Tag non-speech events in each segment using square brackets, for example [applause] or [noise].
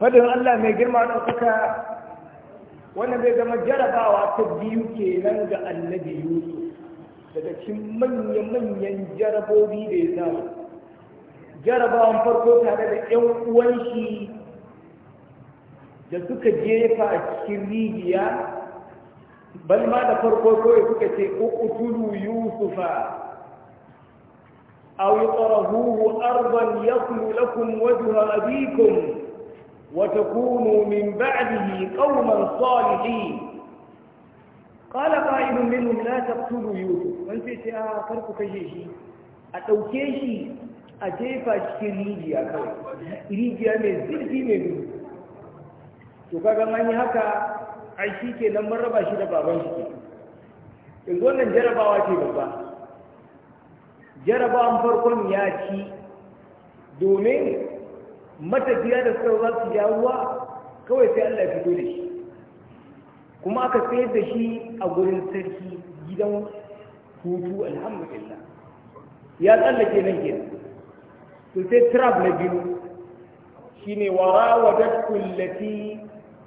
fadin Allah mai girma ɗaukaka wannan bai zama jarabawa ta biyu kenan ga annabi Yusuf daga cikin manya-manyan jarabobi da ya zama. jarabawan farko tare da ‘yan uwanshi da suka jefa a cikin rijiya bal ma da farko kawai suka ce uqtulu yusufa aw yutrahuhu ardan yaklu lakum wajha abikum وتكونوا من بعده قوما صالحين قال قائل منهم لا تقتلوا يوسف من في سياء فرق كجيشي أتوكيشي أتيفا شكي ريجي أكو ريجي أمي زرقي مبي وكا غماني هكا عيشيكي نمبر ربا شرقا بانشكي إن قلنا جربا واتي بابا جربا أمفر قلن ياتي دومين matafiya da suka za su yawuwa kawai sai Allah ya fito da shi kuma aka sayar da shi a gurin sarki gidan hutu alhamdulillah ya tsallake nan kenan to sai trap na biyu shine warawadat kullati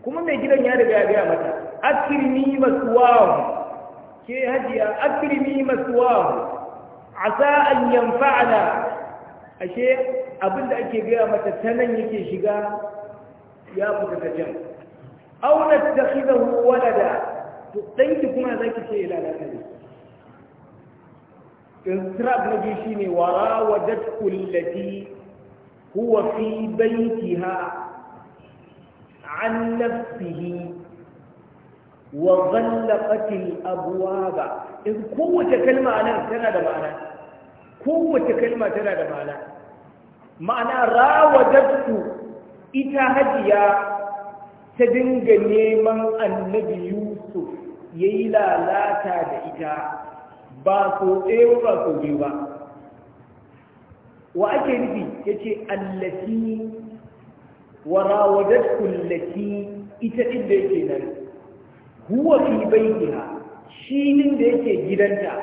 kuma mai gidan ya riga ya gaya mata masu maswahu ke hajiya akrimi a asa an fa'ada. ashe abin da ake gaya mata ta nan yake shiga ya fita ta can auna ta shiga walada to ɗanki kuma za ki ce lalata ne intrab na biyu shi ne wara wadat kullati huwa fi baitiha an nafsihi wa ghallaqat al abwaba in kowace kalma anan tana da ma'ana kowace kalma tana da ma'ana ma'ana rawadattu ita hajiya ta dinga neman annabi yusuf ya yi lalata da ita ba so ɗaya ba so biyu ba wa ake nufi ya ce allafi wa rawadattu allafi ita inda yake nan huwa fi baitiha shi da yake gidanta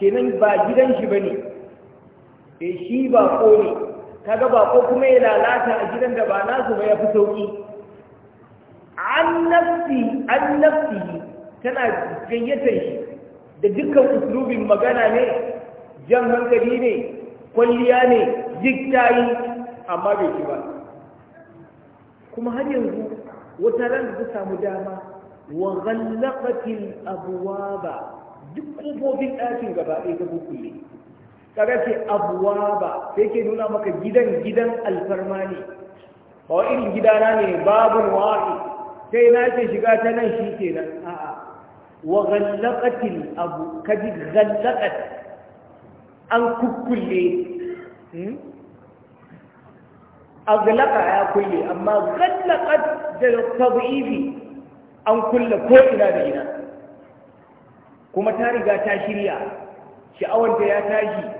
kenan ba gidan shi bane eh shi ba ne kaga ba ko kuma ya lalata a gidan da ba nasu ba ya fi sauƙi. an nafsi an nafsi tana gayyatar shi da dukkan usulubin magana ne jan hankali ne kwalliya ne jiktayi amma bai shi ba kuma har yanzu wata ran da ta samu dama wa ghallaqatil abwaba duk kofofin ɗakin gaba ɗaya ta kulle kaga ce abuwa ba sai ke nuna maka gidan gidan alfarma ne ba wa irin gidana ne babun wa'i sai na ce shiga ta nan shi ke nan a'a wa ghallaqatil abu kaji ghallaqat an kukkulle hmm? aglaqa ya kulle amma ghallaqat da tabibi an kulle ko ina da ina kuma ta riga ta shirya sha'awanta ya tashi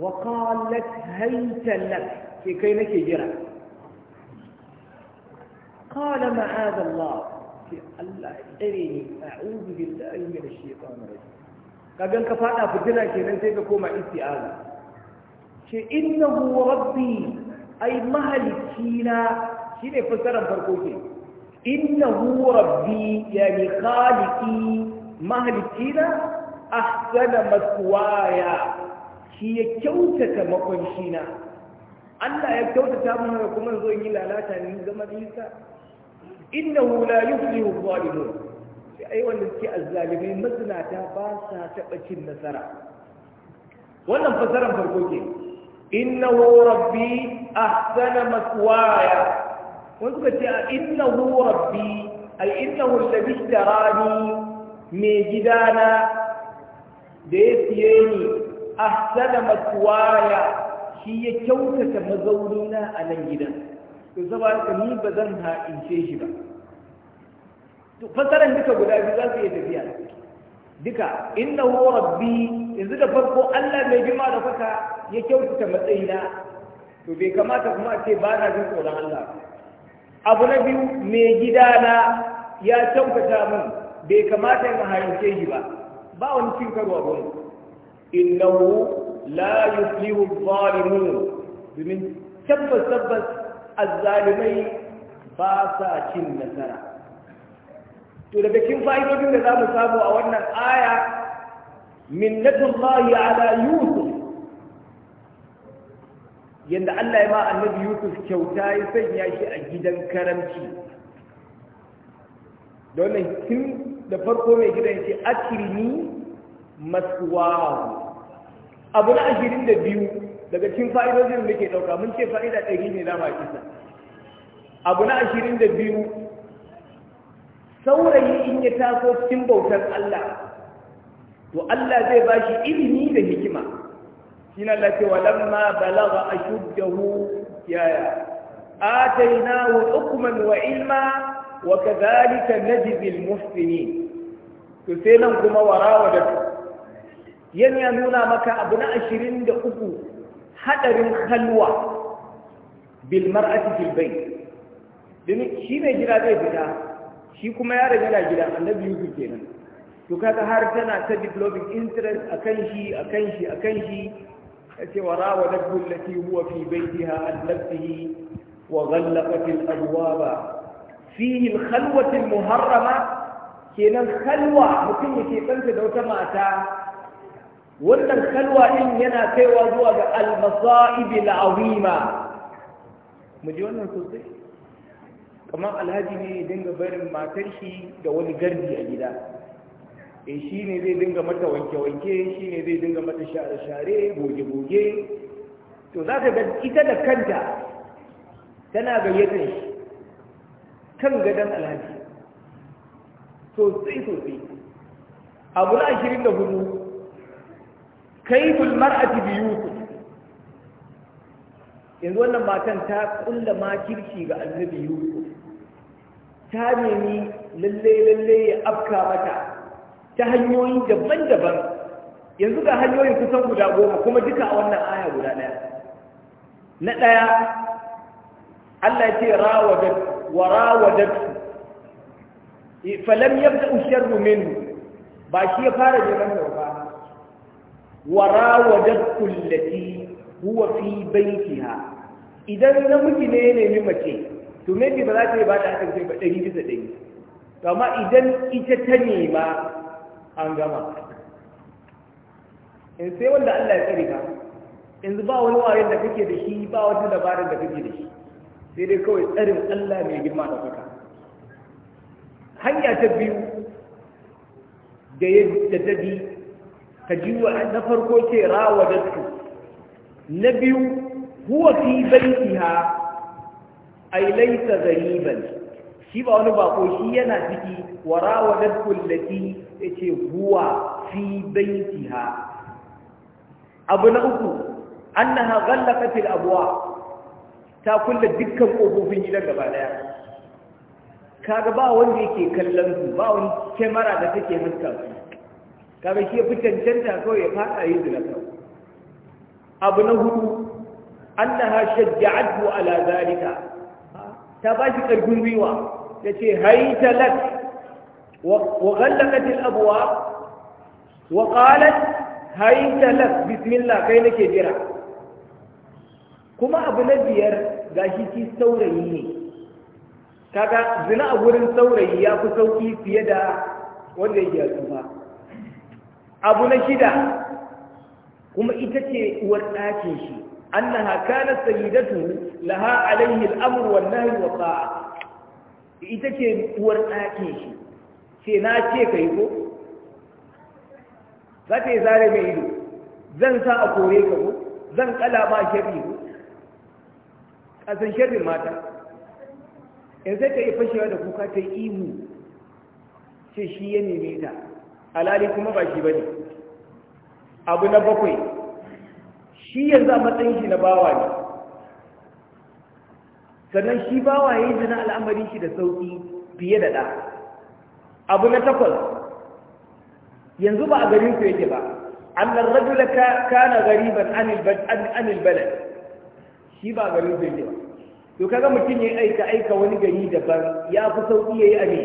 وقالت هيت لك كي نكي جرى قال معاذ الله الله إريني أعوذ بالله من الشيطان الرجيم قال أنك فأنا فدنا كي ننتهي بكوما إستئاذ إنه ربي أي مهل كينا كينا فسر فرقوتي إنه ربي يعني خالقي مهل كينا أحسن مسوايا shi ya kyautata makwanci na Allah ya kyautata mun da kuma zo yi lalata ni zama nisa innahu la yuflihu zalimun sai ai wanda suke azzalimai mazinata ba sa taɓa cin nasara wannan fasaran farko ke innahu rabbi ahsana maswaya wani suka ce a innahu rabbi ai innahu alladhi tarani mai gidana da ya siye ni ahsana matwaya shi ya kyautata mazaunina a nan gidan to saboda ni ba zan ce shi ba to fasaran duka guda biyu za su iya tafiya duka innahu rabbi yanzu da farko Allah mai bima da faka ya kyautata matsayina to bai kamata kuma a ce ba na jin tsoron Allah abu na biyu mai gidana ya kyautata min bai kamata in ce shi ba ba wani cin karuwa ba. innahu la yuflihu adh-dhalimun domin tabbas tabbas azzalimai ba sa cin nasara to daga cikin fa'idodin da za mu samu a wannan aya minnatullahi ala yusuf yanda Allah ya ma annabi yusuf kyauta ya sanya shi a gidan karamci da wannan tun da farko mai gidan ce akirni maswahu abu na ashirin da biyu daga cikin fa'idojin da ke ɗauka mun ce fa'ida ɗari ne dama kisa abu na ashirin da biyu saurayi in ya taso cikin bautar Allah to Allah zai ba shi ilimi da hikima shi na wa lamma balagha ashuddahu yaya atainahu hukman wa ilma wa kadhalika najzi al-muhsinin to sai nan kuma warawa da yana nuna maka abu na ashirin da uku haɗarin halwa bilmar fil bai domin shi mai gida zai fita shi kuma ya riga na gida annabi yusuf kenan to kaga har tana ta developing interest a kan shi a kan shi a kan shi kace wa rawadatu allati huwa fi baytiha an nafsihi wa ghallaqat al abwaba fihi al khalwat al muharrama kenan khalwa mutum yake tsanta da wata mata wannan kalwa din yana kaiwa zuwa ga al-masa'ib al-azima mu ji wannan sosai kamar alhaji ne ya dinga barin matar shi da wani gardi a gida eh shi ne zai dinga mata wanke-wanke shi ne zai dinga mata share-share goge-goge to za ka ga ita da kanta tana gayyatar shi kan gadon alhaji sosai sosai abu na ashirin da hudu kaidul mar'ati bi yusuf yanzu wannan matan ta kulla makirci ga annabi yusuf ta nemi lalle lalle ya afka mata ta hanyoyi daban-daban yanzu ga hanyoyin kusan guda goma kuma duka a wannan aya guda ɗaya na ɗaya Allah ya ce rawadat wa rawadat falam yabda usharru min. ba shi ya fara neman وراودته التي هو في بيتها idan namiji ne ya nemi mace to me ba za ta yi ba da hakan ba ɗari bisa ɗari to amma idan ita ta nema an gama in sai wanda Allah ya tsare ka yanzu ba wani wayar da kake da shi ba wata dabarar da kake da shi sai dai kawai tsarin Allah mai girma da kuka hanya ta biyu da ya da biyu. ka ji na farko ce rawadattu na biyu huwa fi baitiha ay laysa ghariban shi ba wani bako shi yana ciki wa rawadattu ya ce huwa fi ha! abu na uku annaha ghallaqat kafin abuwa. ta kulle dukkan ƙofofin gidan gaba daya kaga ba wanda yake kallon su ba wani kyamara da take haska su kaga shi ya fi cancanta kawai ya fada yi zina kawai abu na hudu annaha shajja'atu ala zalika ta ba shi ƙarfin gwiwa ta ce haita lak wa ghallaqat al abwab wa qalat haita lak bismillah kai nake jira kuma abu na biyar gashi ki saurayi ne kaga zina a wurin saurayi ya fi sauki fiye da wanda ya ji a tsufa abu na shida kuma ita ce uwar ɗakin shi annaha kanat sayyidatu laha alayhi al-amr wan nahy wa ta'a ita ce uwar ɗakin shi ce na ce kai ko za ta yi zare mai ido zan sa a kore ka ko zan kala ma sharri ko kasan sharrin mata in sai ta yi fashewa da kuka ta yi ihu ce shi ya neme ta alali kuma ba shi ba ne abu na bakwai shi yanzu a matsayin shi na bawa ne sannan shi bawa ya yi zina al'amarin shi da sauƙi fiye da ɗa abu na takwas yanzu ba a garin ku yake ba annar rajula kana gariban anil balad shi ba a garin su yake ba to kaga mutum ya aika aika wani gari daban ya fi sauƙi ya yi a ne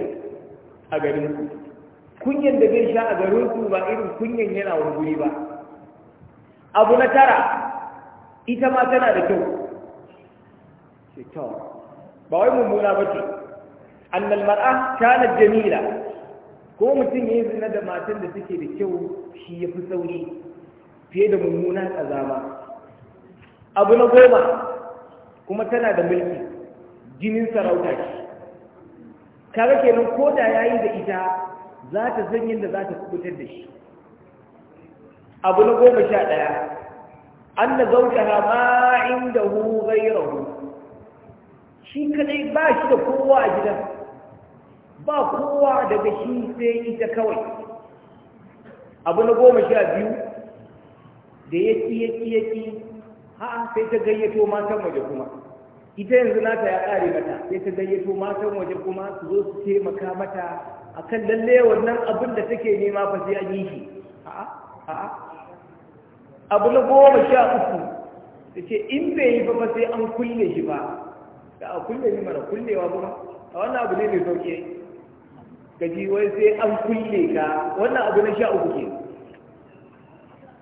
a garin su kunyan da zai sha a garin su ba irin kunyan yana wani guri ba abu na tara ita ma tana da kyau ba wai mummuna ba ce annal mar'a kana jamila ko mutum yayin zina da matan da suke da kyau shi ya fi sauri fiye da mummuna kazama abu na goma kuma tana da mulki jinin sarauta ce kaga kenan ko da yayi da ita za ta san yadda za ta kubutar da shi abu na goma sha ɗaya an da zaujaha ma inda hu gairahu shi kadai ba shi da kowa a gidan ba kowa daga shi sai ita kawai abu na goma sha biyu da ya ƙi ya ƙi ya ƙi ha sai ta gayyato matan waje kuma ita yanzu nata ya ƙare mata sai ta gayyato matan waje kuma su zo su taimaka mata akan lalle wannan abin da take nema fa sai an yi shi a'a a'a abu na goma sha uku ta ce in bai yi ba fa sai an kulle shi ba da a kulle ni mara kullewa ba a wannan abu ne mai sauke gaji wai sai an kulle ka wannan abu na sha uku ke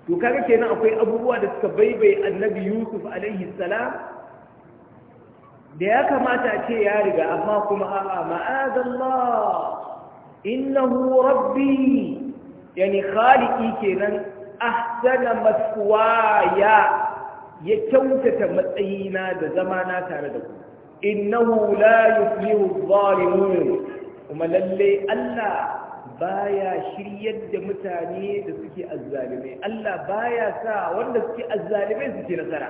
to kaga kenan akwai abubuwa da suka baibaye annabi yusuf alaihi salam da ya kamata ce ya riga amma kuma a'a ma'azallah innahu rabbi yani khaliqi kenan ahsana maswaya ya kyautata matsayina da zamana tare da ku innahu la yuflihu adh-dhalimun kuma lalle Allah baya shiryar da mutane da suke azzalimai Allah baya sa wanda suke azzalimai suke nasara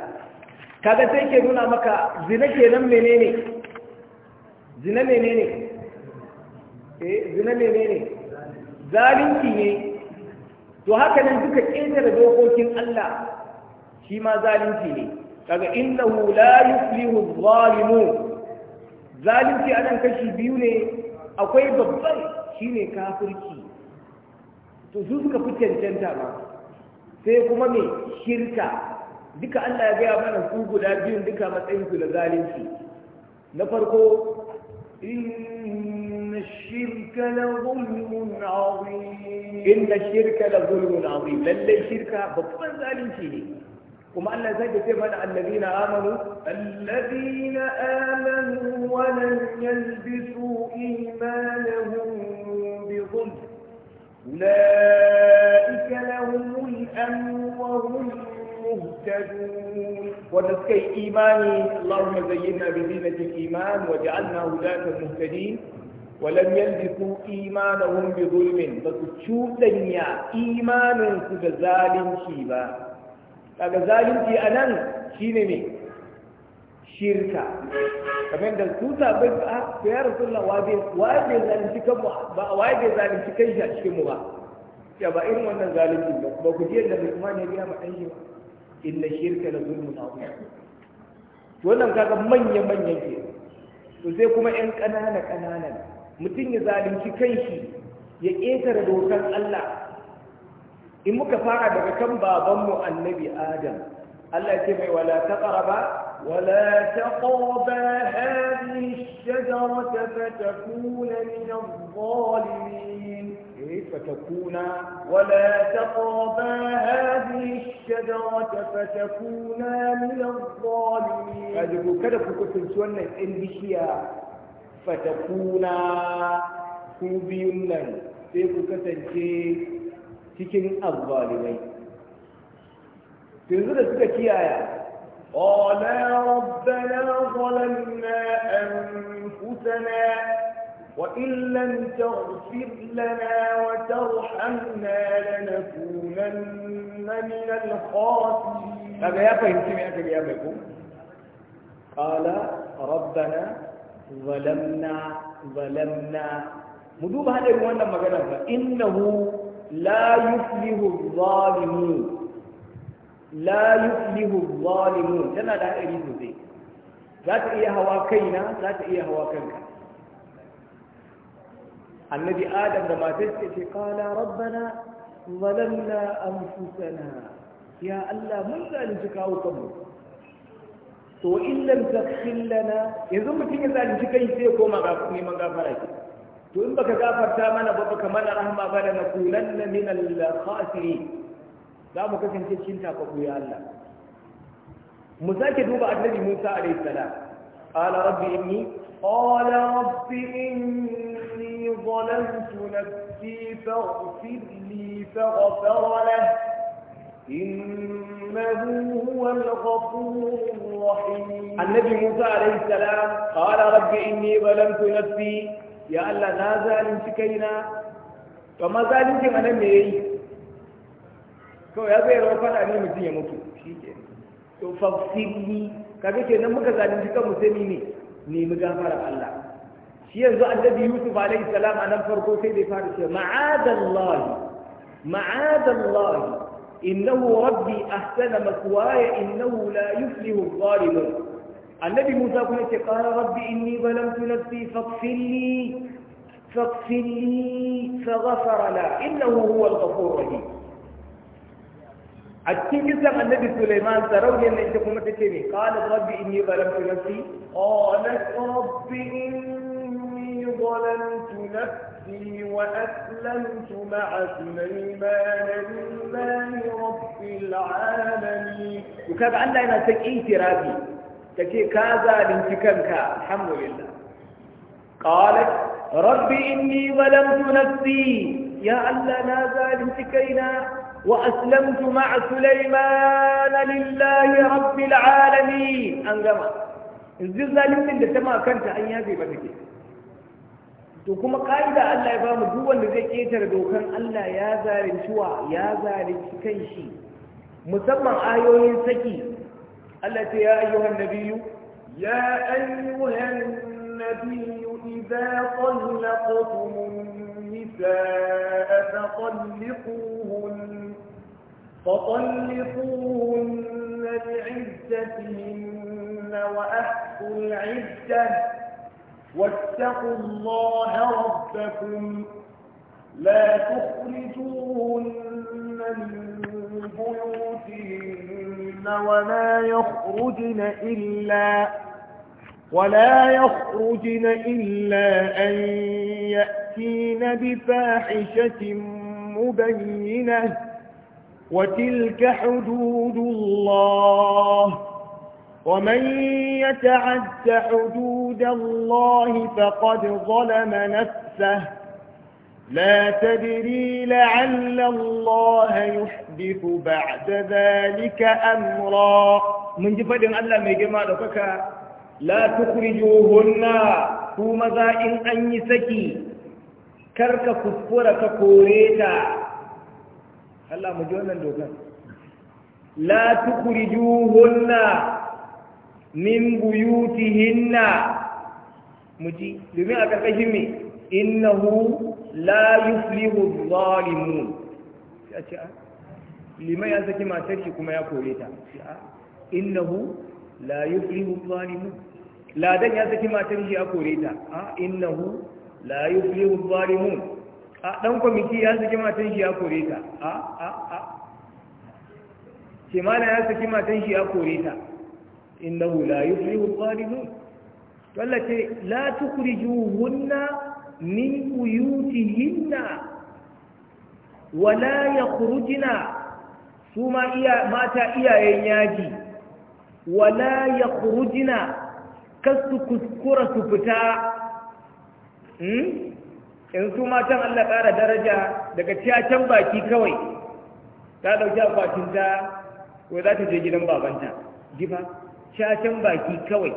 kaga sai ke nuna maka zina kenan menene zina menene eh zina ne ne zalunci ne to haka nan duka ƙetare dokokin Allah shi ma zalunci ne kaga innahu la yuflihu zalunci anan kashi biyu ne akwai babban shine kafirci to su suka fi cancanta ma sai kuma me shirka duka Allah ya gaya mana su guda biyun duka matsayin su na zalunci na farko الشرك لظلم عظيم إن الشرك لظلم عظيم لأن الشرك بطل ذلك وما أن ذلك من الذين آمنوا الذين آمنوا ولم يلبسوا إيمانهم بظلم أولئك لهم الأمن وهم ونسكي إيماني اللهم زينا بزينة الإيمان وجعلنا هداة مهتدين ولم يلبسوا إيمانهم بظلم فكتشوتنيا إيمانا كذلك شيبا كذلك أنا شيني shirka kamar da su sabai a ah, ya rasulullah waye bai zalunci kan mu ba waye bai zalunci kan shi a cikin mu ba ya ba irin wannan zalunci ba ba ku ji da Usman ya biya ma dan shi ba inna shirka la zulmun azim to wannan kaga manya manyan ke to sai kuma yan kanana kanana mutum ya zalunci kanshi ya ƙetare dokar Allah in muka fara daga kan babanmu annabi Adam Allah ce mai wala taqraba wala taqraba hadhihi ash-shajarata fatakuna min adh-dhalimin eh fatakuna wala taqraba hadhihi ash-shajarata fatakuna min adh-dhalimin kada ku kada ku kusanci wannan ɗin fatakuna ku biyun nan sai ku kasance cikin azzalimai yanzu da suka kiyaya قالا ربنا ظلمنا أنفسنا وإن لم تغفر لنا وترحمنا لنكونن من الخاسرين. هذا يا فهمت يا فهمت قال ربنا zalamna zalamna mu duba hadarin wannan magana ba innahu la yuflihu zalimun la yuflihu zalimun tana da hadari sosai za ta iya hawa kaina za ta iya hawa kanka annabi adam da matar ce ce kala rabbana zalamna anfusana ya Allah mun zalunci kawo kanmu to in lam taghfir lana yanzu mutum ya zalunci kai sai koma ga kuma neman gafara ki to in baka gafarta mana ba baka mana rahama ba da na kulanna min al-khasirin za mu kasance cikin tafafu ya Allah mu sake duba annabi Musa alaihi salam qala rabbi inni qala rabbi inni ظلمت نفسي فاغفر لي فغفر له الغفور الرحيم النبي موسى عليه السلام قال رب إني ظلمت نفسي يا الله لا To ma فما ظالم me ميري kawai ya zai rawa fada ne mutum ya mutu shi ke to fafsirni kaga kenan muka zalunci kan musulmi ne nemi gafara Allah shi yanzu annabi Yusuf alaihi salam a nan farko sai dai fara ce ma'adallahi ma'adallahi إنه ربي أحسن مكواي إنه لا يفلح الظالمون النبي موسى قال ربي إني ظلمت نفسي فاغفر لي فاغفر لي فغفر لا إنه هو الغفور الرحيم أتكلم عن النبي سليمان تروني أن أنت قمت قال ربي إني ظلمت نفسي قالت ربي إني ظلمت نفسي وأسلمت مع سليمان لله رب العالمين وكاب عندنا أنا تكئي ترابي تكئي كذا لانتكامك الحمد لله قالت ربي إني ظلمت نفسي يا الله ماذا لانتكينا وأسلمت مع سليمان لله رب العالمين أنجمع الزلزال من اللي تما كانت أن يهدي to kuma ka'ida Allah ya ba mu duk wanda zai ƙetare dokan Allah ya zalunci wa ya zalunci kanshi musamman ayoyin saki Allah ta ya ayyuhan nabiyyu ya ayyuhan nabiyyu idza tallaqtum النساء فطلقوهن فطلقوهن لعدتهن وأحصوا العدة واتقوا الله ربكم لا تخرجوهن من بيوتهن ولا يخرجن إلا ولا يخرجن إلا أن يأتين بفاحشة مبينة وتلك حدود الله ومن يتعد حدود الله فقد ظلم نفسه لا تدري لعل الله يحدث بعد ذلك أمرا من جفد الله ما يجمع لك لا تخرجوهن كما إن أن يسكي كرك كفرك كوريتا الله مجوانا لا تخرجوهن min buyutihinna muji domin a ƙarƙashin me innahu la yuflihu zalimun sai a ce a ah, liman ya saki matar shi kuma ya kore ta a ah, innahu la yuflihu zalimun ladan ya saki matar shi ya kore ta a ah, innahu la yuflihu zalimun a dan kwamiti ya saki matar shi ya kore ta a a a ce mana ya saki matar shi ya kore ta innahu la yuflihu zalimun Allah ce la tukhrijuhunna min buyutihinna Wala ya yakhrujna su ma mata iyayen yaji wa la yakhrujna kasu kuskura su fita in su matan Allah ƙara daraja daga can baki kawai ta ɗauki akwatin ta wai za ta je gidan babanta gifa shashen baki kawai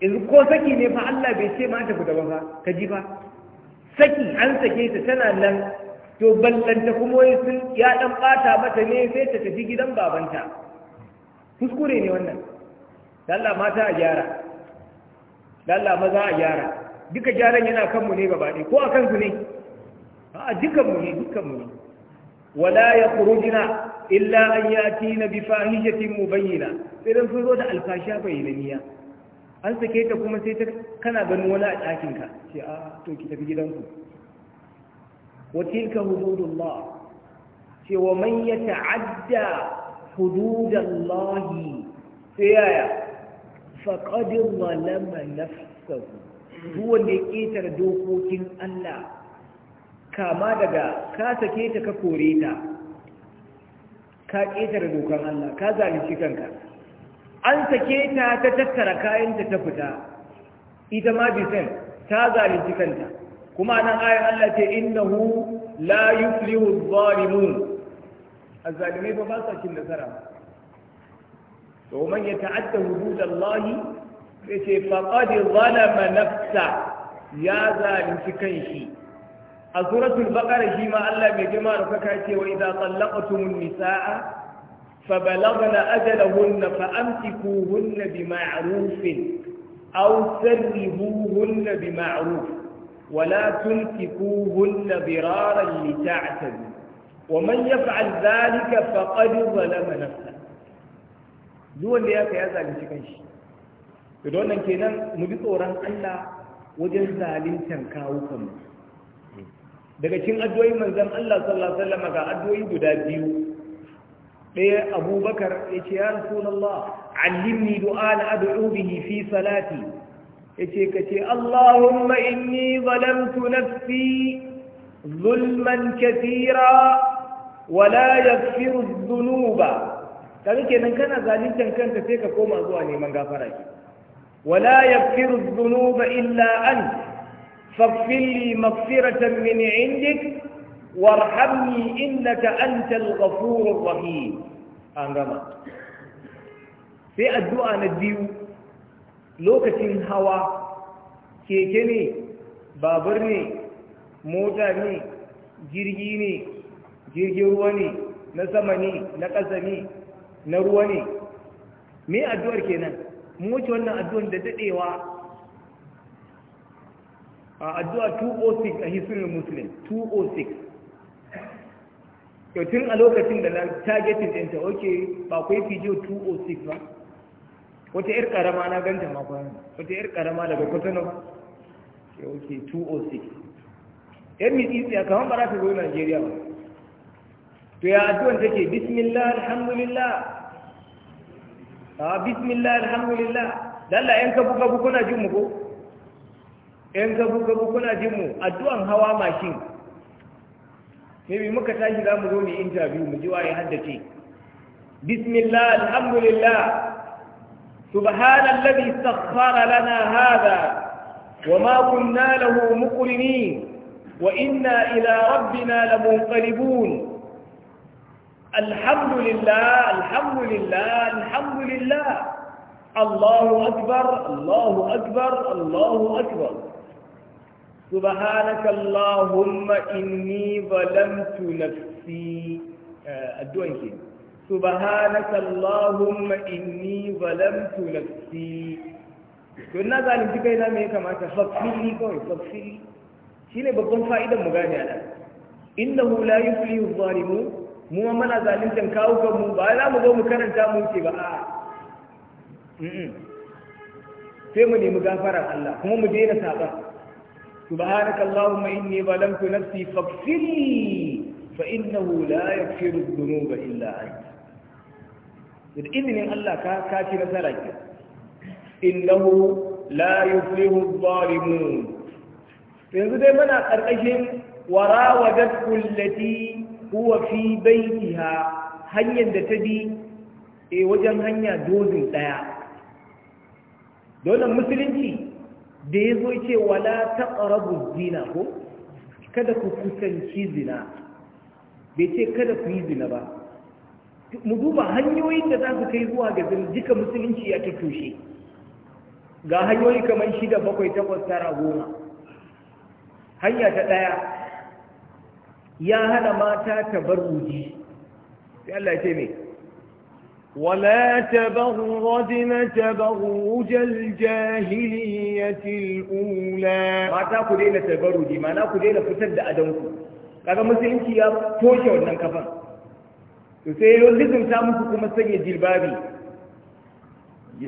yanzu ko saki ne fa Allah bai ce ma ta fita ba fa ka ji fa saki an sake ta tana nan to ballanta kuma wai sun ya dan bata mata ne sai ta tafi gidan babanta kuskure ne wannan Allah mata a gyara Allah maza a gyara duka gyaran yana kanmu ne gaba ɗaya ko a kansu ne a dukanmu ne dukanmu ne wala ya kurujina illa an yati na bi mu bayyana, sai dan sun zo da alfasha bayyaniya an sake ta kuma sai ta kana ganin wani a ɗakin ka ce a ah, to ki tafi gidanku wa tilka hududullah ce wa man ta'adda hududallahi sai yaya faqad zalama nafsahu duk wanda ya ƙetare dokokin Allah kama daga ka sake ta ka kore ta ka ƙetare dokar Allah ka zalunci kanka an sake ta ta tattara kayanta ta fita ita ma bisan ta zalunci kanta kuma nan ayan Allah ce innahu la yuflihu adh-dhalimun azzalimai ba ba sa cin nasara to man yata'adda hudud Allah sai ce faqad zalama nafsa ya zalunci kanshi a suratul baqara shi ma Allah mai girma da kaka ce wa idza tallaqtumun nisaa fa balagna ajalahunna fa amsikuhunna bima'ruf aw sarrihuhunna bima'ruf ولا تمسكوهن ضرارا لتعتدوا ومن يفعل ذلك فقد ظلم نفسه duk wanda ya kai ya zalunci kanshi to don nan kenan mu bi tsoron Allah wajen zaluntan kawo kanmu daga cikin addu'o'i manzon Allah sallallahu alaihi wasallam ga addu'o'i guda biyu ɗaya abubakar ya ce ya rasulullah allimni du'a la bihi fi salati yace kace allahumma inni zalamtu nafsi zulman kathira wa la yaghfiru dhunuba kaga kenan kana zalincin kanka sai ka koma zuwa neman gafara ki wala yaghfiru dhunuba illa anta fafili mafira ta mini indik war hamni inda ka an ta lufa furo gama sai addu'a na biyu lokacin hawa keke ne babur ne mota ne jirgi ne jirgin ruwa ne na sama ne na ƙasa ne na ruwa ne mai addu'ar kenan mu wuce wannan addu'ar da dadewa a addu'a 206 a history muslim 206 tun a lokacin da na targetin ɗinta oke ba kwai fijo 206 ba wata 'yar ƙarama na ganta ma kwana wata 'yar ƙarama daga kotano ke oke 206 'yar mitsisi a kamar bara ta zo najeriya ba to ya addu'an take bismillah alhamdulillah a ah, bismillah alhamdulillah dalla yan kabu kabu kuna jin mu ko yan gabu-gabu kuna jin mu addu'an hawa mashin maybe muka tashi za mu zo mu interview mu ji waye haddace bismillah alhamdulillah subhanallazi sakhkhara lana hadha wama kunna lahu muqrini wa inna ila rabbina lamunqalibun alhamdulillah alhamdulillah alhamdulillah الله أكبر الله أكبر الله أكبر سبحانك اللهم إني ظلمت نفسي أدوانك سبحانك اللهم إني ظلمت نفسي don na zalunci kai na me ya kamata fafili kawai fafili shine babban fa'idan mu gane ana innahu mu ma muna kawo mu ba za mu zo mu karanta mu ce ba a. sai mu nemi gafarar Allah kuma mu daina saban سبحانك اللهم إني ظلمت نفسي فاغفر فإنه لا يغفر الذنوب إلا أنت بإذن الله كاتي نسرك إنه لا يفلح الظالمون yanzu dai muna ƙarƙashin warawadar kullati huwa fi baitiha hanyar da ta bi e wajen hanya dozin ɗaya dole musulunci da ya zo ce wala taqrabu zina ko kada ku kusanci zina bai ce kada ku yi zina ba mu duba hanyoyin da za su kai zuwa ga zina duka musulunci ya tattoshe ga hanyoyi kamar shida bakwai takwas tara goma hanya ta ɗaya ya hana mata ta bar wuji sai Allah ya ce mai ولا تبرجن تبرج الجاهلية الأولى ما تاكو دينا تبرجي ما ناكو دينا فتد أدوكو kaga musulunci ya toshe wannan kafan to sai ya lizinta muku kuma sanya jilbabi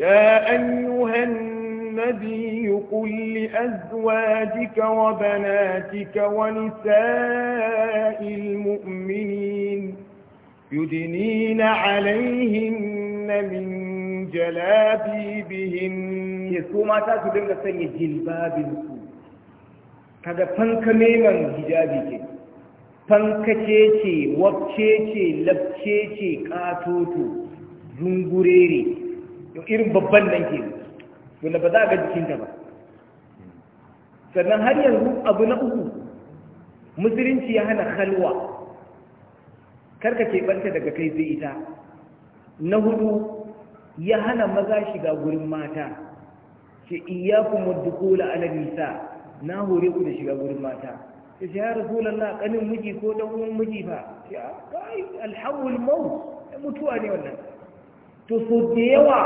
ya ayyuhan nabi qul li azwajika wa banatika wa nisa'il يدنين عليهن من جلابيبهن يسو ما تاسو دنگا سنية جلبابن سو kaga fanka neman hijabi ke Fanka ce ce, wacce ce labce ce katoto zungurere irin babban nan ke wanda ba za a ga jikinta ba sannan har yanzu abu na uku musulunci ya hana halwa karka keɓanta daga kai zai ita na hudu ya hana maza shiga gurin mata ce iyakun wadda kola ala nisa na hore ku da shiga gurin mata ta ce ya rasu rasulallah ƙanin miji ko dan uwan miji ba ce a ah, kai alhawul mau mutuwa ne wannan to so da yawa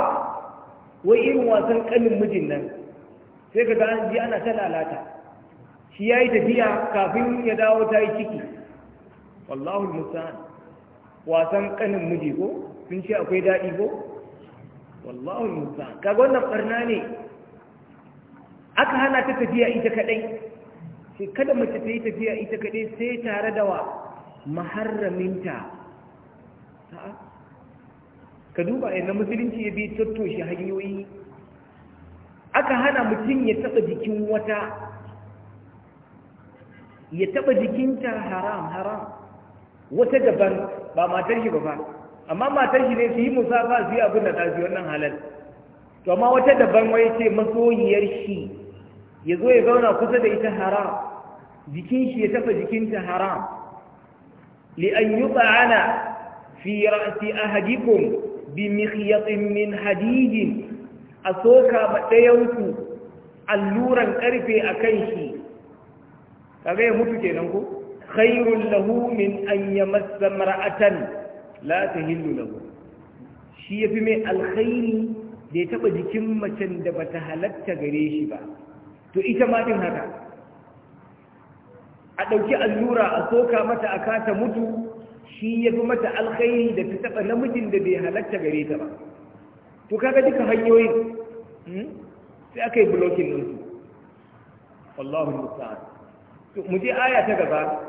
wai irin wasan ƙanin mijin nan sai ka ga an ji ana ta lalata shi ya yi tafiya kafin ya dawo ta yi ciki wallahu musa'an wasan kanin miji ko sun ce akwai daɗi ko wallahu musa kaga wannan barna ne aka hana ta tafiya ita kadai sai kada mace ta yi tafiya ita kadai sai tare da wa maharraminta ka duba na musulunci ya bi tattoshe hanyoyi aka hana mutum ya taɓa jikin wata ya taɓa jikinta haram haram wata daban ba matar shi ba fa amma matar shi ne su yi musafa su yi abin da ta fi wannan halal to amma wata daban wai ce masoyiyar shi ya zo ya zauna kusa da ita haram jikin shi ya tafa jikinta haram li an yi tsana fi ra'si ahadikum bi mikhyatin min hadidin a soka ma ɗayanku alluran ƙarfe a kan shi kaga ya mutu kenan ko خير له من أن يمس امرأة لا تهل له shi ya fi mai alkhairi da ya taɓa jikin macen da ba ta halatta gare shi ba to ita ma ɗin haka a ɗauki allura a soka mata a kata mutu shi ya fi mata alkhairi da ta taɓa namijin da bai halatta gare ta ba to kaga duka hanyoyin hmm? sai aka yi blocking ɗinsu wallahu musta'an to mu je aya ta gaba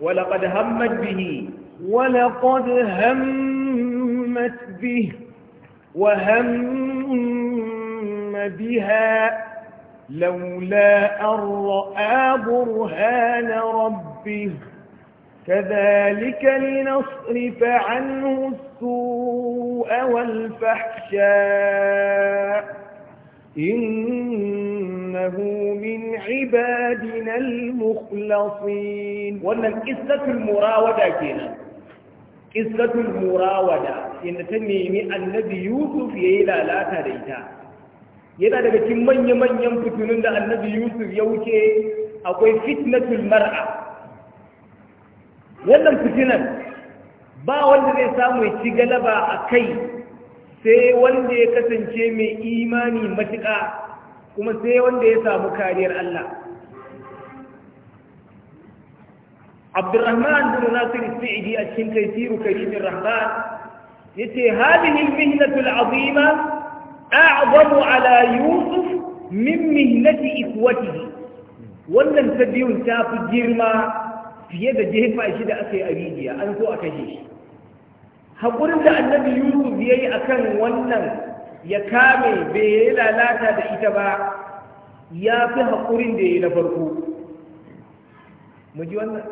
ولقد همت به ولقد همت به وهم بها لولا أن رأى برهان ربه كذلك لنصرف عنه السوء والفحشاء إنه من عبادنا المخلصين وأن قصة المراودة كنا قصة المراودة إن تنمي النبي يوسف يلا لا تريتا yana daga cikin manya-manyan fitunun da annabi yusuf ya wuce akwai fitnatul mar'a wannan fitinan ba wanda zai samu ya ci galaba a kai sai wanda ya kasance mai imani matuƙa kuma sai wanda ya samu kariyar Allah Abdurrahman bin Nasir Sa'idi a cikin Taisiru Karim Rahman yace hadhihi al-mihnatu al-azima a'zamu ala Yusuf min mihnati ikhwatihi wannan ta biyun ta fi girma fiye da jefa shi da aka yi a rijiya an so a kashe shi haƙurin da annabi yusuf ya yi a kan wannan ya kame bai yi lalata da ita ba ya fi haƙurin da ya yi na farko ji wannan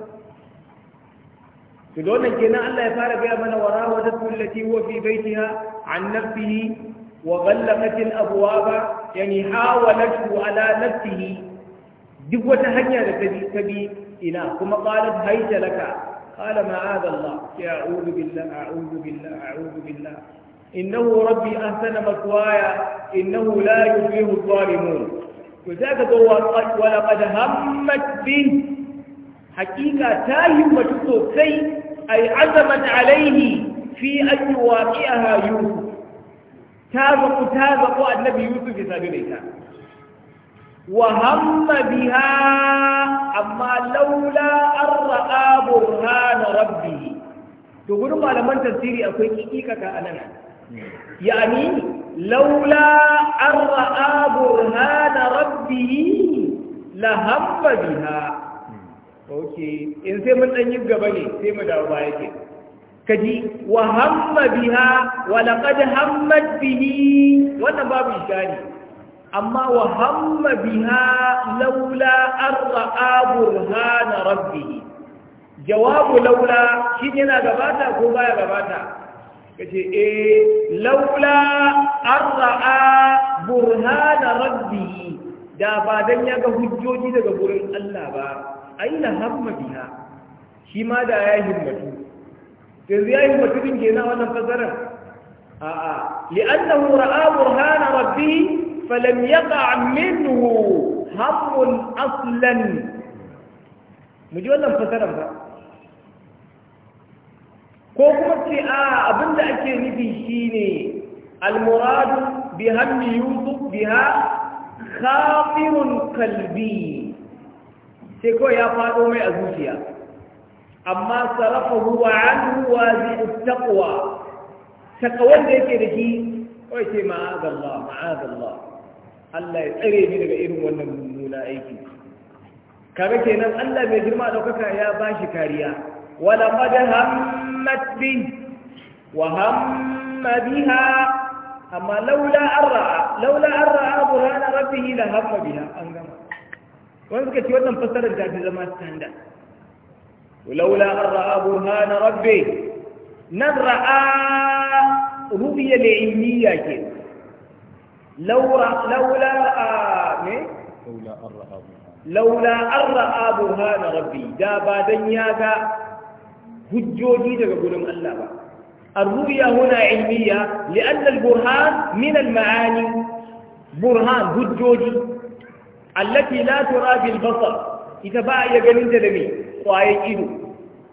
wannan kenan Allah ya fara gaya mana wa wata allati huwa fi baitiha an nafihi wa ghallaqat abwaba yani hawalatu ala nafihi duk wata hanya da ta bi ina kuma qalat hayta laka قال معاذ الله أعوذ بالله أعوذ بالله أعوذ بالله إنه ربي أحسن مثواي إنه لا يفلح الظالمون وذاك قد ولقد همت به حقيقة تاهم وتسوسي أي عزمت عليه في أن يواقعها يوسف تابق تابق النبي يوسف في سبيل الله وهم بها أما لولا أن رأى برهان ربه تقول ما لم تسيري أكوي كيكك أنا يعني لولا أن رأى برهان ربه لهم بها أوكي إن سيمن أن يبقى بني سيمن دعوا بايكي kaji wa hamma biha wa laqad hammat bihi wannan babu shani amma wa hamma biha laula an ra'a burhana rabbih jawabu laula shi yana gabata ko baya gabata kace eh laula an ra'a burhana rabbih da ba dan ya ga hujjoji daga gurin Allah ba aina hamma biha shi ma da ya himmatu yanzu ya himmatu din kenan wannan fasarar a'a li'annahu ra'a burhana rabbih فلم يقع منه هم أصلا مجي ولا مفسرا ba ko kuma ce a abinda ake nufi shine al-murad bi hammi yusuf biha kalbi sai ko ya faɗo mai a zuciya amma sarafahu wa anhu wa taqwa taqwa da yake da shi Allah ya tsare ni daga irin wannan mummuna aiki kaga kenan Allah mai girma daukaka ya bashi kariya wala qad hammat bi wa hamma biha amma laula arra laula arra burhana rabbih la hamma biha an gama wanda suka ce wannan fasarar da ta zama standard laula arra burhana rabbih nan ra'a rubiya ilmiya ke لولا لولا آمي آه، لولا أرأى برهان ربي دا بعدن يا دا هجوجي دا قولهم الله با هنا علمية لأن البرهان من المعاني برهان هجوجي التي لا ترى بالبصر إذا بقى يجنين انت لمي إيده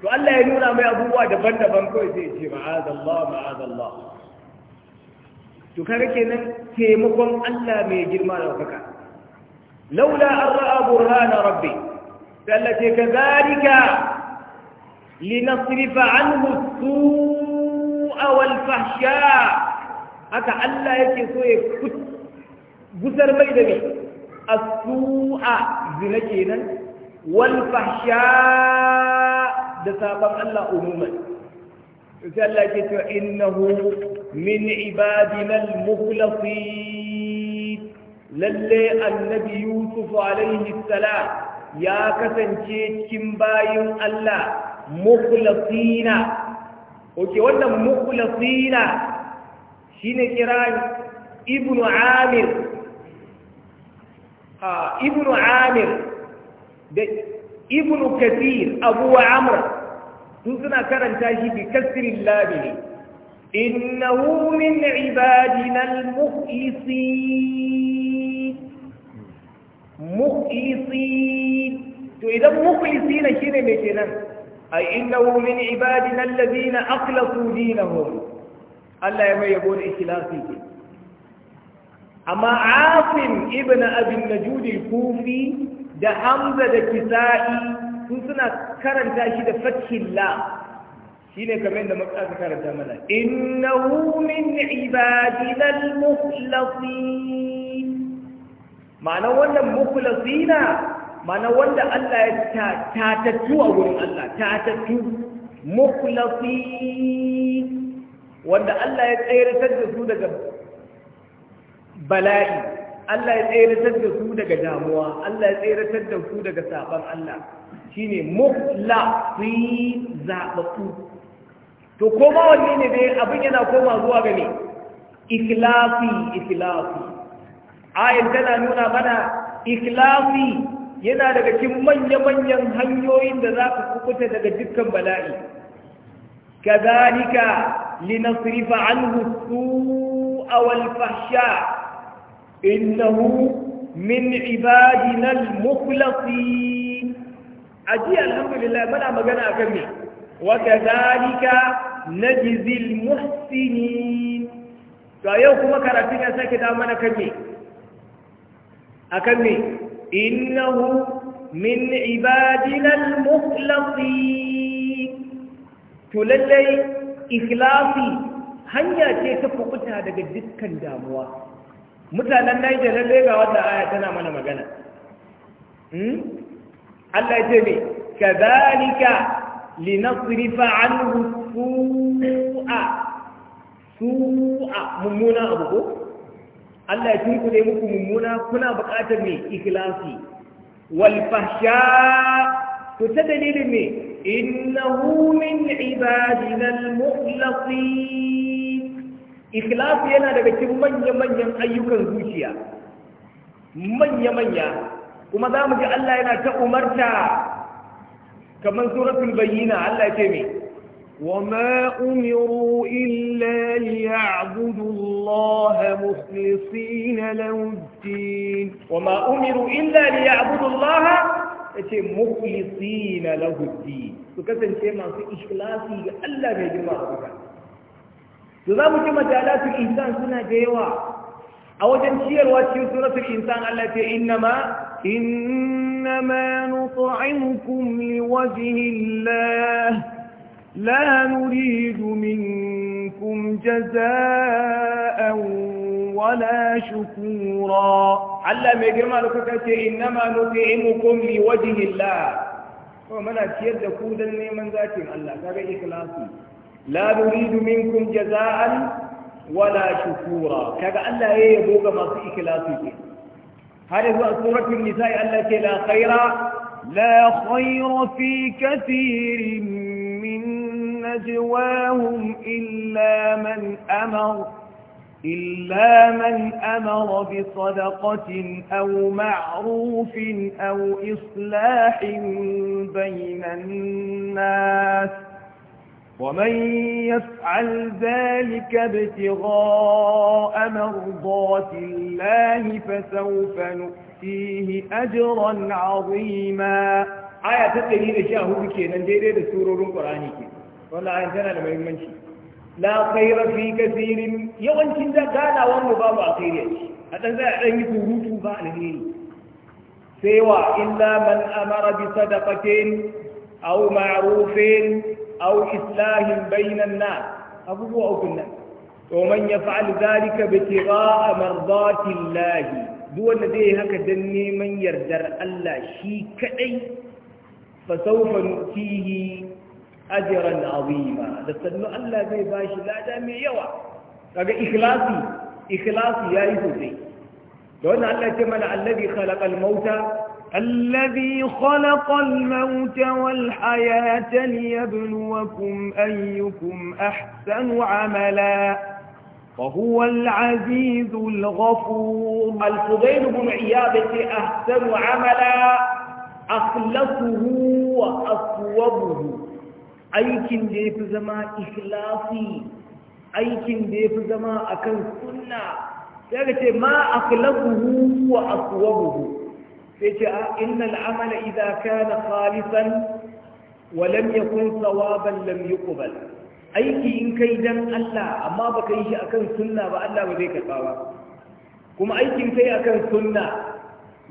فألا ينونا ما nuna mai abubuwa daban-daban kawai sai ce to kaga kenan taimakon Allah mai girma da ɗaukaka laula an ra'a burhana rabbi ka kadhalika linasrifa anhu su'a wal fahsha haka Allah yake so ya gusar mai da me as-su'a zina kenan wal fahsha da sabon Allah umuman sai Allah yake cewa innahu min ibadina al-mukhlasin annabi yusuf alaihi salam ya kasance kin bayin Allah mukhlasina oke wannan mukhlasina shine kiran ibnu amir a ibnu amir da ibnu kathir abu amr suna karanta shi bi إنه من عبادنا المخلصين مخلصين إذا مخلصين شنو مثلا أي إنه من عبادنا الذين أخلصوا دينهم الله يما يقول إخلاصي أما عاصم ابن أبي النجود الكوفي ده حمزة ده كسائي سنة كرن تاشي ده فتح الله shine kamar yadda muka aka karanta mana innahu min ibadina al-mukhlasin ma'ana wannan na ma'ana wanda Allah ya ta tatattu a wurin Allah tatattu mukhlasin wanda Allah ya tsayar da su daga bala'i Allah ya tseratar da su daga damuwa, Allah ya tseratar da su daga saban Allah, shine ne mufla fi zaɓaɓɓu. to koma wanne ne dai abin yana koma zuwa ga ne ikhlasi ikhlasi ayin tana nuna mana ikhlasi yana daga cikin manya-manyan hanyoyin da za ka kukuta daga dukkan bala'i kazalika linasrifa anhu su'a wal fahsha innahu min ibadina al-mukhlasin aji alhamdulillah muna magana akan me wa ga-zanika. jizil muhsini to yau kuma karatun ya sake da mana kan me akan me innahu min ibadina muhlafi to lallai ikhlasi hanya ce ta kubuta daga dukkan damuwa mutanen da lallai ga wannan aya tana mana magana hmm? Allah ya ce me kadhalika linasrifa anhu su'a su'a mummuna abu ko Allah ya tunkule muku mummuna kuna bukatar mai ikhlasi wal fahsha to ta dalilin me innahu min ibadina al mukhlasin ikhlasi yana daga cikin manya-manyan ayyukan zuciya manya-manya kuma za mu ji Allah yana ta umarta kamar suratul bayyina Allah ya ce me وما أمروا إلا ليعبدوا الله مخلصين له الدين وما أمروا إلا ليعبدوا الله مخلصين له الدين فكذا انت في إخلاصي ألا بيجمع ربك تذهب كما جالات الإنسان سنة جيوة أو تنشير واتشير سنة الإنسان التي إنما إنما نطعمكم لوجه الله لا نريد منكم جزاء ولا شكورا حلا ما جمال فكت إنما نطعمكم لوجه الله ومن أتيت كودا من ذات الله هذا إخلاصي لا نريد منكم جزاء ولا شكورا كذا الله إيه يبوغ ما في إخلاصي هل هو سورة النساء التي لا خير لا خير في كثير من نجواهم إلا من أمر إلا من أمر بصدقة أو معروف أو إصلاح بين الناس ومن يفعل ذلك ابتغاء مرضات الله فسوف نؤتيه أجرا عظيما آية تقليل لشاهو كينا ديري لسورة القرآن كينا wannan ayan tana da muhimmanci la khaira fi kathirin yawancin da ganawar mu babu alheri a ciki a dan zai dan yi surutu ba alheri sai wa illa man amara bi sadaqatin aw ma'rufin aw islahin bainan nas abubuwa ukun nan to man yaf'al dhalika bi tibaa mardati llah duk wanda zai haka dan neman yardar Allah shi kadai fa sawfa nutihi أ ج ر ا عظيما بي باش لا جامي يوا كاكا اخلاصي اخلاصي يا يسوسي لان الله تمنع الذي خلق الموتى الذي خلق الموت والحياة ليبلوكم أيكم أحسن عملا وهو العزيز الغفور الفضيل بن ع أحسن عملا أ وأصوبه aikin da ya fi zama ikhlasi aikin da ya fi zama akan sunna sai ka ce ma akhlaquhu wa aswabuhu sai ce a innal amala idza kana khalisan wa lam yakun sawaban lam yuqbal aiki in kai dan Allah amma baka yi shi akan sunna ba Allah ba zai karba ba kuma aikin kai akan sunna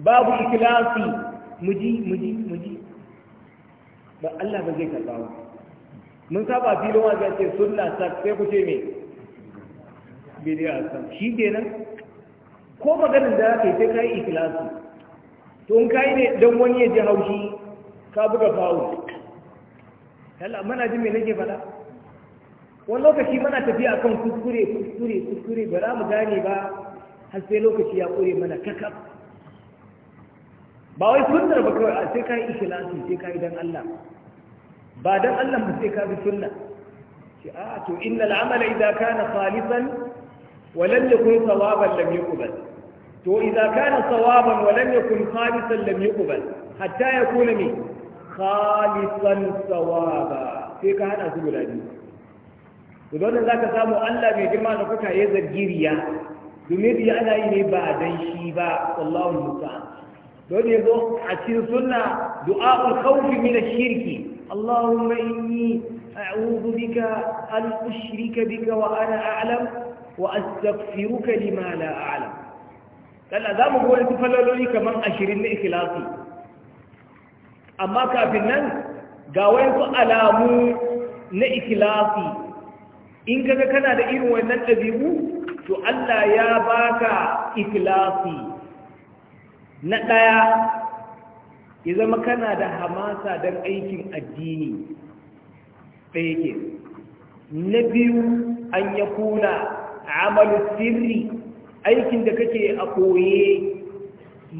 babu ikhlasi muji muji muji ba Allah ba zai karba ba mun saba filin wasa ce sunna sak sai ku ce me bidiya sak shi kenan ko maganin da aka sai kai ikhlasi to in kai ne dan wani ya ji haushi ka buga fawo kalla mana ji me nake faɗa wani lokaci mana tafiya akan kuskure kuskure kuskure ba za mu gane ba har sai lokaci ya kure mana kakaf ba wai sunnar ba kawai sai kai ikhlasi sai kai dan Allah ba don Allah ba sai ka bi sunna ce a ah, to innal amala idza kana khalisan wa lam yakun thawaban lam yuqbal to idza kana thawaban wa lam yakun khalisan lam yuqbal hatta yakuna min khalisan thawaba sai ka hada su guda biyu to don za ka samu Allah mai girma da kuka ya zargi riya domin riya ana yi ne ba dan shi ba wallahu musta'an don ya zo a cikin sunna du'a'ul khawfi min ash-shirki Allahumma inni a'udhu bika an ushrika bika wa ana a'lam wa astaghfiruka lima la a'lam kana za mu gode ku falaloli kaman 20 na ikhlasi amma kafin nan ga wayansu alamu na ikhlasi in kaga kana da irin wannan dabi'u to Allah ya baka ikhlasi na ɗaya ya zama kana da hamasa don aikin addini ɗaya ke na biyu an ya kuna amalu sirri aikin da kake a koye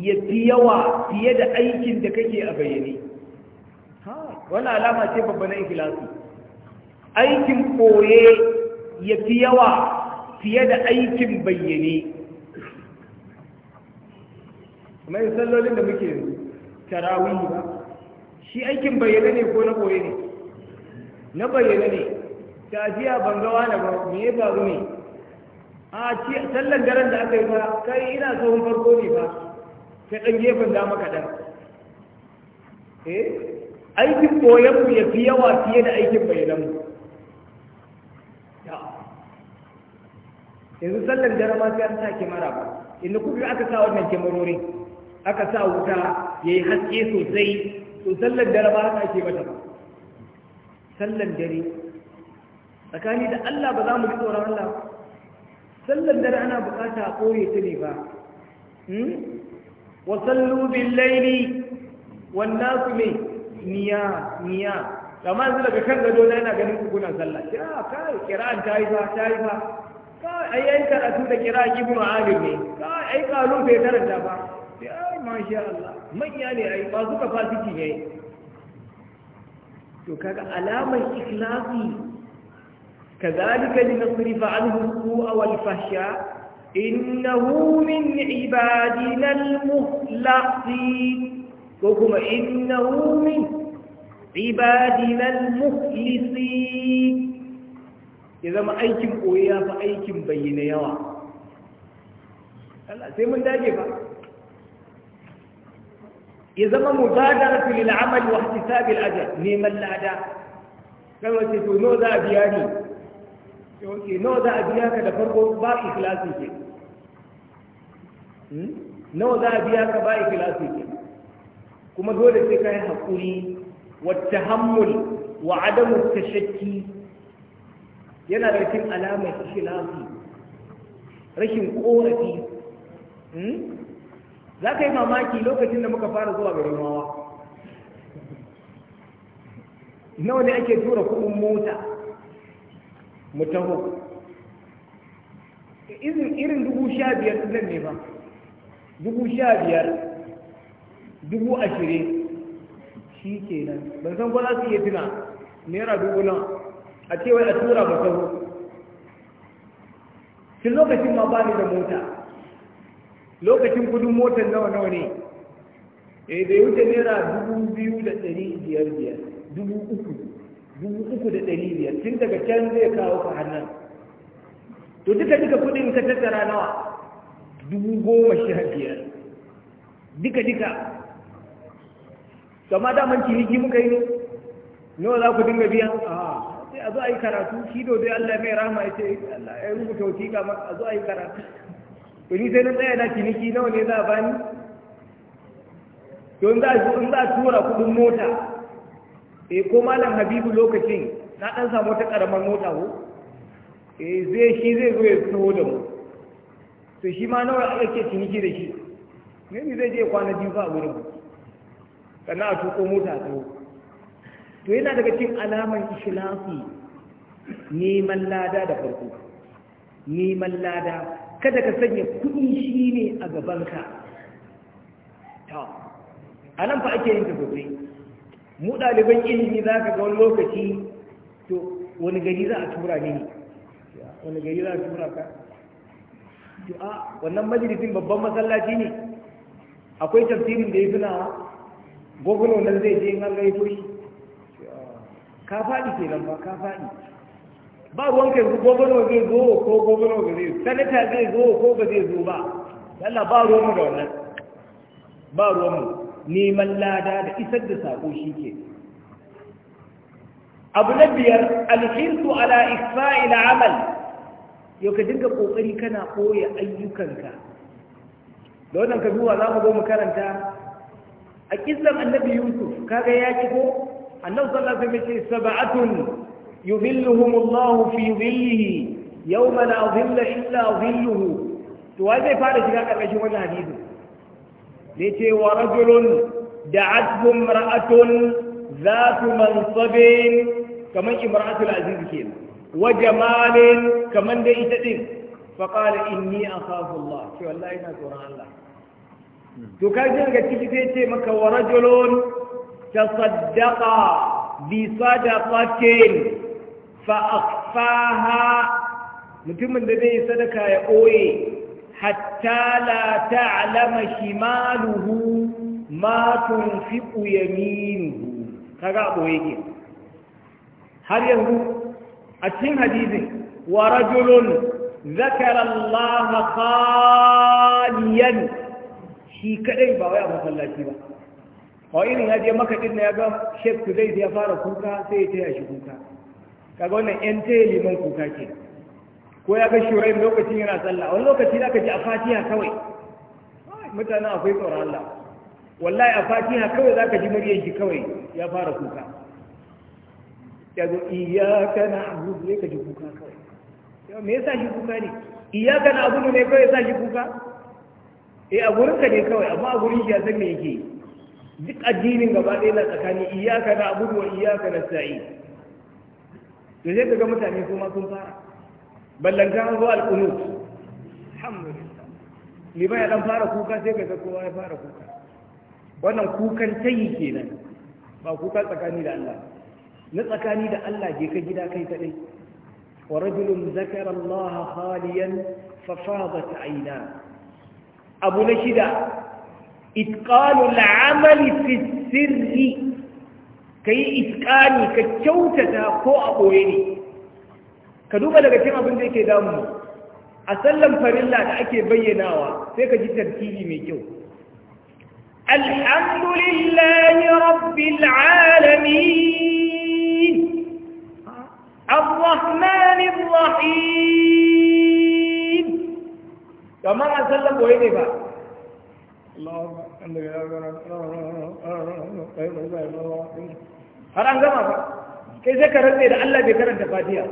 ya fi yawa fiye da aikin da kake a bayyane wani alama ce babba na ikilasu aikin koye ya fi yawa fiye da aikin bayyane kamar sallolin da muke tarawihi ba shi aikin bayyana ne ko na koye ne na bayyana ne ta jiya bangawa na ba me ya faru ne a ci sallan daren da aka yi ba kai ina tsohon farko ne ba ta ɗan gefen dama kaɗan eh aikin koyon mu ya fi yawa fiye da aikin bayyana mu yanzu sallan dare ma sai an sa kemara ba inda kuka aka sa wannan kemarorin aka sa wuta ya yi haske sosai to sallar dare ba haka ake mata ba sallar dare tsakani da Allah ba za mu ji tsoron Allah sallar dare ana bukata a kore ta ne ba hmm? wa sallu bil laili wan nasu niya niya amma yanzu daga kan gado na yana ganin kuna sallah kira kai kira an yi fa ta yi fa kai ayyanka da karatu da kira gibu amir ne kai ai kalu bai karanta ba masha Allah manya ne ai ba suka fasiki ne to kaga alamar ikhlasi كذلك لنصرف عنه السوء والفحشاء إنه من عبادنا المخلصين وكما إنه من عبادنا المخلصين إذا ما أيكم قويا فأيكم بين يوا Allah sai mun dage ba ya zama mubadaratu lil amal wa ihtisabil ajr neman lada kai wace to no za a biya ni Yauke. ke no za a biya ka da farko ba ikhlasi ke hmm? no za a biya ka ba ikhlasi ke kuma dole sai kai hakuri wa tahammul wa adamu tashakki yana da cikin alamar ikhlasi rashin korafi hmm? za ka yi mamaki lokacin da muka fara zuwa garin mawa nawa ne ake tura kuɗin mota mu taho izin irin dubu sha biyar nan ne ba dubu sha biyar dubu ashirin shi ke nan ban san ko za su iya tuna naira dubu nan a cewa a tura mu taho tun lokacin ma ba ni da mota lokacin kudin motar nawa nawa ne eh yi wuce naira dubu biyu da ɗari biyar biyar dubu uku dubu uku da ɗari biyar tun daga can zai kawo ka hannun to duka duka kudin ka tattara nawa dubu goma biyar duka duka kama daman ciniki muka yi ne nawa za ku dinga biya a sai a zo a yi karatu shi dai Allah mai rama ya ce Allah ya rubuta wasiƙa a zo a yi karatu kuni sai nan tsaye na ciniki nawa ne za a bani to in za a tura kudin mota eh ko malam habibu lokacin na dan samu wata karamar mota ko eh zai shi zai zo ya taho da mu to shi ma nawa yake ciniki da shi ne ni zai je kwana biyu fa a ka sannan a tuko mota taho to yana daga cikin alaman ishlafi neman lada da farko neman lada kada ka sanya kuɗi shi ne a gabanka a nan fa ake yin tafafi mu ɗaliban ilimi za ka ga wani lokaci to wani gari za a tura ne wani gari za a tura ka to a wannan majalisin babban masallaci ne akwai tafsirin da ya fi nawa gwagwano nan zai je in an gaito shi ka faɗi nan ba ka faɗi ba ruwan kai gobano zai zo ko gobano ba zai sanata zai zo ko ba zai zo ba Yalla ba ruwan mu da wannan ba ruwan mu neman lada da isar da sako shike abu na biyar alhirsu ala isfa'il amal yau ka dinga kokari kana koya ayyukanka da wannan ka zuwa za mu zo mu karanta a kisan annabi yusuf kaga ya ko annabi sallallahu alaihi wasallam ya ce sab'atun yuzilluhum Allah fi yuzillihi yawma la zilla illa zilluhu to wai zai fara shiga karkashin wannan hadisi ne ce wa rajulun da'athu imra'atun zatu mansabin kaman imra'atul aziz kenan wa jamalin kaman da ita din fa qala inni akhafu Allah to wallahi ina tsoron Allah to ka sai fa'afaha mutumin da zai sadaka ya ɓoye hatta la ta'lama shimaluhu ma tunfiqu yaminuhu kaga ɓoye ke har yanzu a cikin hadisin wa rajulun zakara Allah shi kaɗai ba wai masallaci ba a irin ya je maka na ya ga shek zai ya fara kuka sai ya taya shi kuka kaga wannan yan taya liman kuka ke ko ya ga shuraim lokacin yana sallah wani lokaci za ka ji a fatiha kawai mutanen akwai tsoron Allah wallahi a fatiha kawai za ka ji muryar shi kawai ya fara kuka ya zo iyaka na abudu ya ka ji kuka kawai yau me yasa shi kuka ne iyaka na abudu ne kawai yasa shi kuka eh a gurin ka ne kawai amma a gurin shi ya san me yake duk addinin gaba ɗaya na tsakani. iyaka na abu wa iyaka na sa'i to sai ga mutane kuma sun fara ballanta an zo alqunut alhamdulillah liman ya dan fara kuka sai ka ga kowa ya fara kuka wannan kukan tayi kenan ba kuka tsakani da Allah na tsakani da Allah je ka gida kai kadai wa rajulun zakara Allah khaliyan fa fadat ayna abu na shida itqalul amali fi sirri ka yi iskani ka kyautata ko a ɓoye ne ka duba daga cin abin da yake damu a sallan farilla da ake bayyanawa sai ka ji tartibi mai kyau alhamdulillahi rabbil alamin arrahmanir rahim kamar a sallan boye ne ba Allahumma har an gama ba kai sai ka rantse da Allah bai karanta fatiha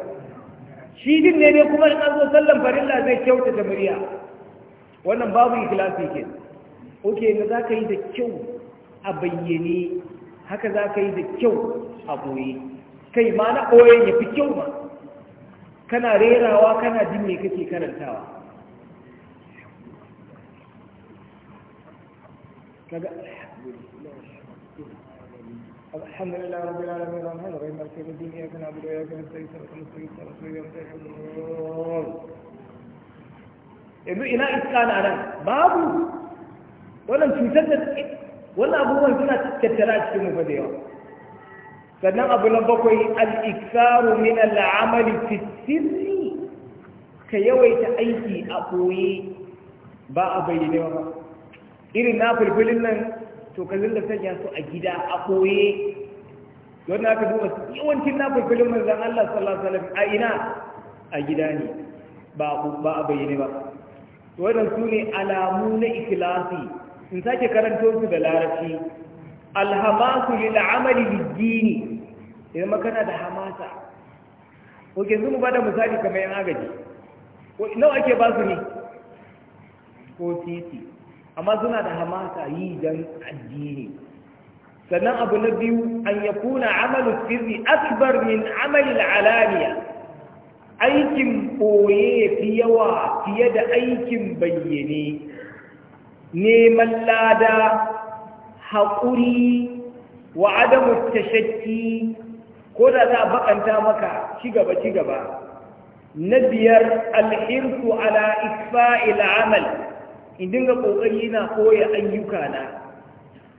shi din ne dai kuma in an zo sallan farilla zai kyauta da murya wannan babu ikhlasi ke oke na za ka yi da kyau a bayyane haka za ka yi da kyau a boye kai ma na boye ya fi kyau ba, kana rerawa kana jin me kake karantawa kaga الحمد لله رب العالمين الرحمن الرحيم مالك يوم الدين اياك نعبد واياك نستعين صراط المستقيم صراط الذين انعمت yanzu ina iska na nan babu wannan cutar da wannan abubuwan suna tattara a cikin mu da yawa sannan abu na bakwai al-iksaru min al-amali fi sirri ka yawaita aiki a koye ba a bayyane ba irin na fulfulin nan to ka dinga sanya su a gida a koye don haka duba yawancin na fulfilin manzan Allah sallallahu alaihi wasallam a ina a gida ne ba ba a bayyane ba wannan su ne alamu na ikhlasi in sake karanto su da larabci alhamasu lil amali bid-dini idan makana da hamasa ko ke zumu bada misali kamar yan agaji ko nawa ake ba su ne ko titi amma suna da hamasa yi don addini sannan abu na biyu an ya kuna amalu sirri akbar min amalil alamiya. aikin ɓoye fi yawa fiye da aikin bayyane neman lada haƙuri wa adamu tashakki ko da za a bakanta maka ci gaba na biyar alhirku ala isfa'il amal in dinga kokari na koya ayyuka na